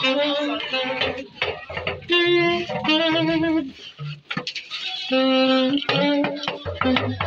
Thank you.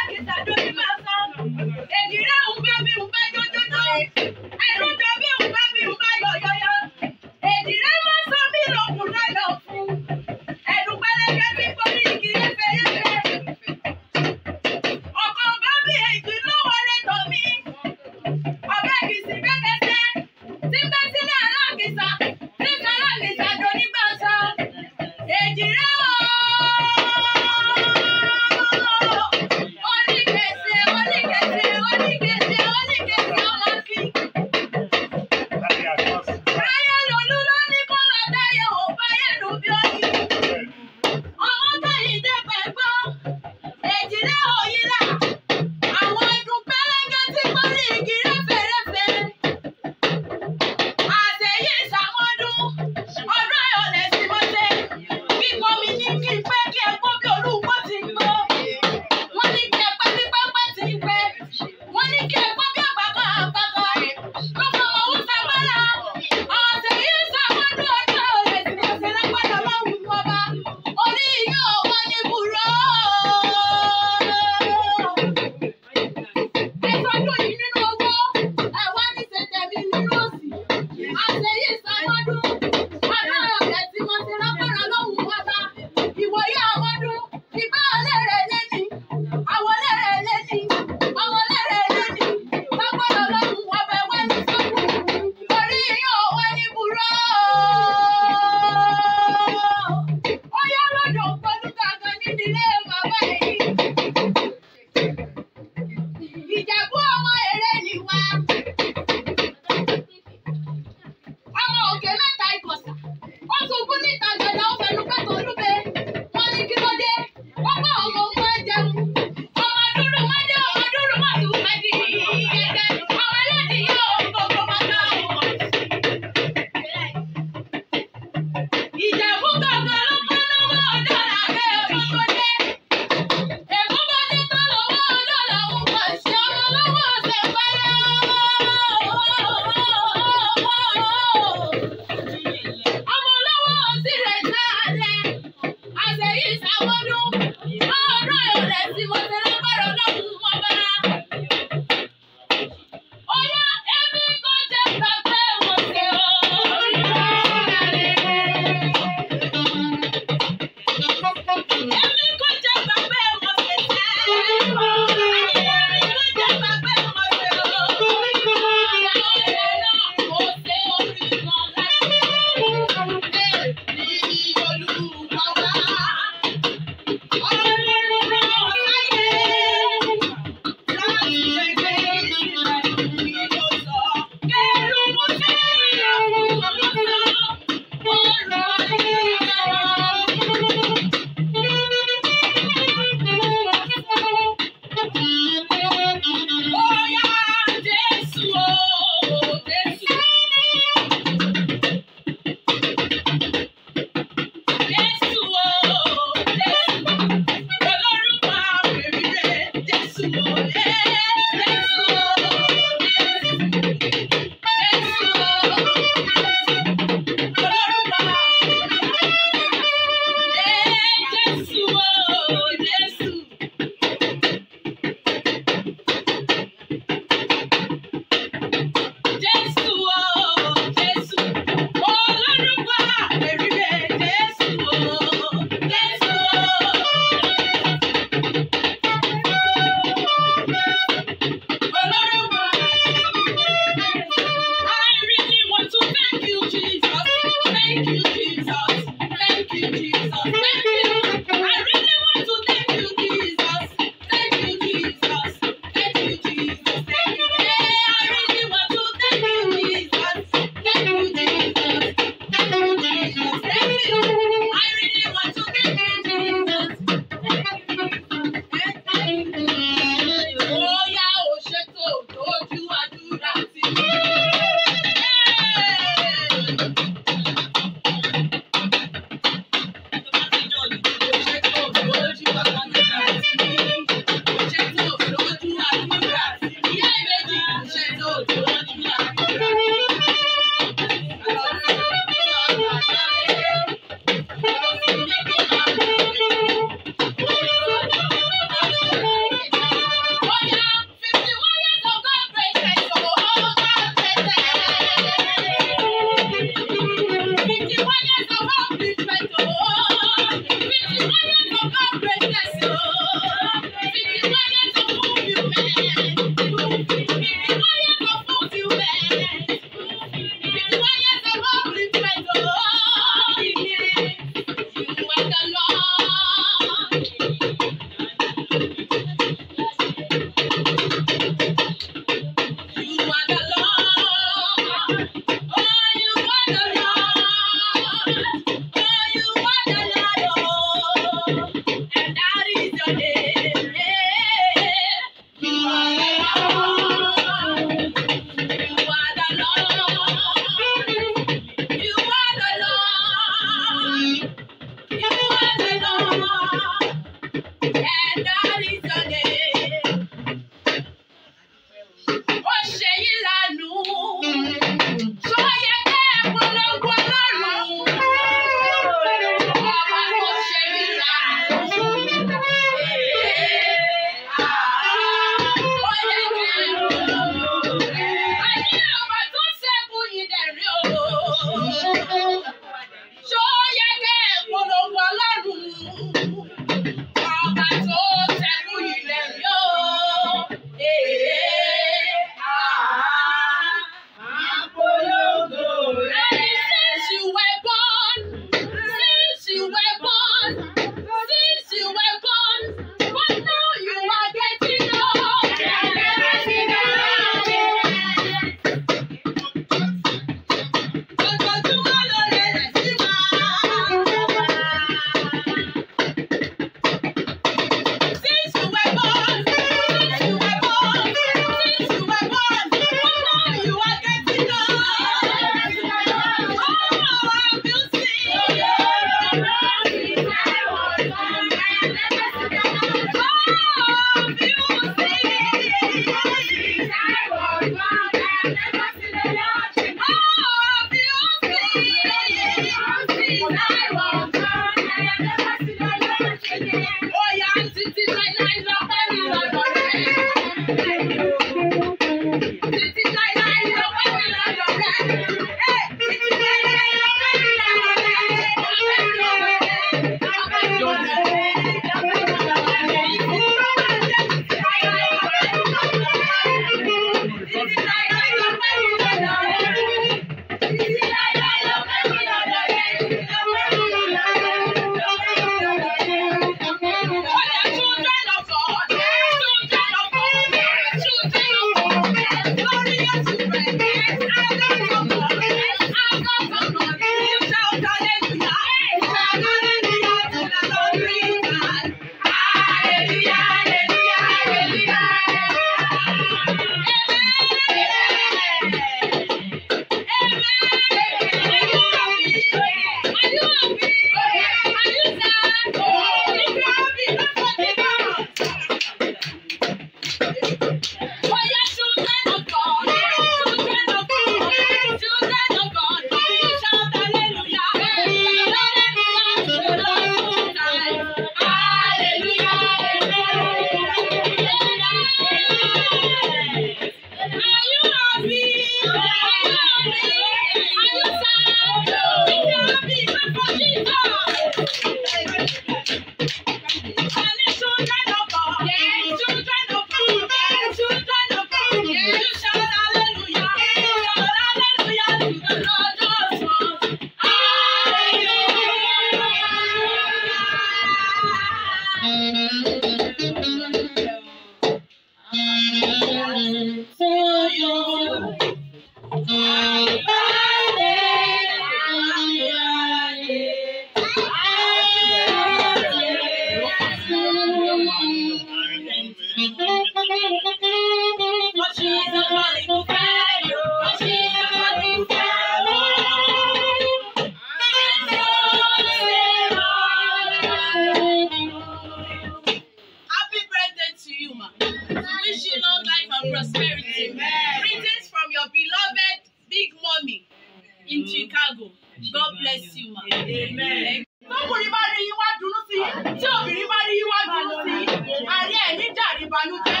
in mm-hmm. Chicago. God bless you, ma. Amen. Tókùnrin bá rí yín wá dunú sí yín, tí obìnrin bá rí yín wá dunú sí yín, àrí ẹ̀ ní dàrí ìbànújẹ́,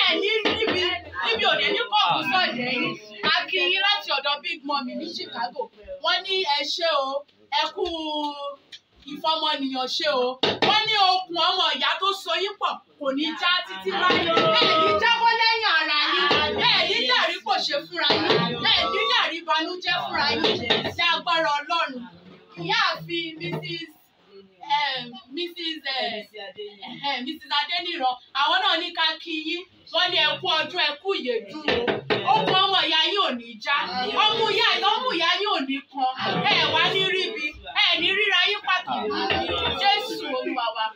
ẹ̀ ní níbi níbi òde ní kọ́ọ̀kù sọ̀dẹ̀ yìí. A láti ọ̀dọ̀ Big Mommy ní Chicago. Wọ́n ní ẹ ṣé o, ẹ kú ìfọmọnìyàn ṣe o wọ́n ní okùn ọmọ ìyá tó so yín pọ̀ kò ní já títí láyé ẹ̀ẹ́dì jábọ́ lẹ́yìn ara yín ẹ̀ẹ́dì dàrí kò ṣe fúnra yín ẹ̀ẹ́dì dàrí banújẹ́ fúnra yín ṣe agbára ọlọ́run ìyáàfin mrs Mrs. Mrs. Adeniran àwọn náà ní ká kí yín wọ́n ní ẹkú ọdún ẹkú ìyèdún o okùn ọmọ ìyá yín ò ní já ọmú ìyá yín ò ní kan ẹ wá ní ríbi ẹ̀ ní ríra yín pàtó Jésù Olúwa wa.